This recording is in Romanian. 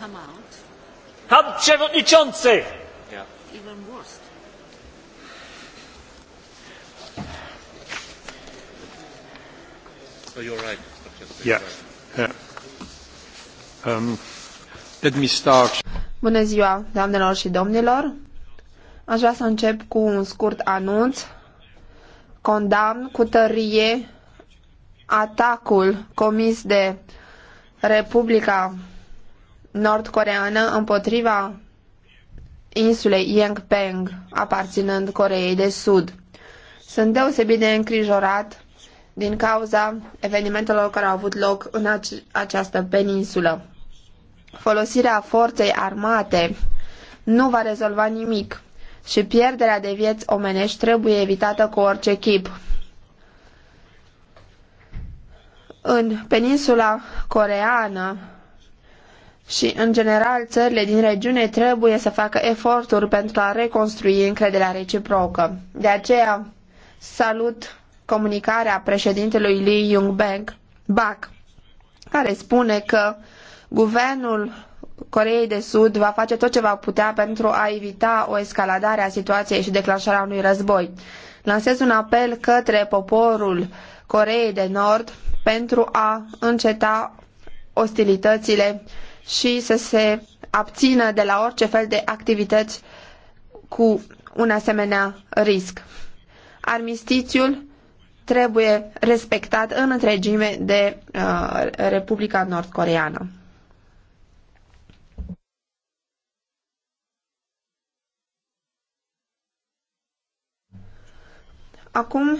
come out. Pan przewodniczący! Oh, yeah. Yeah. Um, let me start. Bună ziua, doamnelor și domnilor! Aș vrea să încep cu un scurt anunț. Condamn cu tărie atacul comis de Republica nord împotriva insulei Yangpeng, aparținând Coreei de Sud. Sunt deosebit de îngrijorat din cauza evenimentelor care au avut loc în ace această peninsulă. Folosirea forței armate nu va rezolva nimic și pierderea de vieți omenești trebuie evitată cu orice chip. În peninsula coreeană și, în general, țările din regiune trebuie să facă eforturi pentru a reconstrui încrederea reciprocă. De aceea, salut comunicarea președintelui Lee Jung-bak, care spune că guvernul Coreei de Sud va face tot ce va putea pentru a evita o escaladare a situației și declanșarea unui război. Lansez un apel către poporul Coreei de Nord pentru a înceta ostilitățile și să se abțină de la orice fel de activități cu un asemenea risc. Armistițiul trebuie respectat în întregime de uh, Republica nord Acum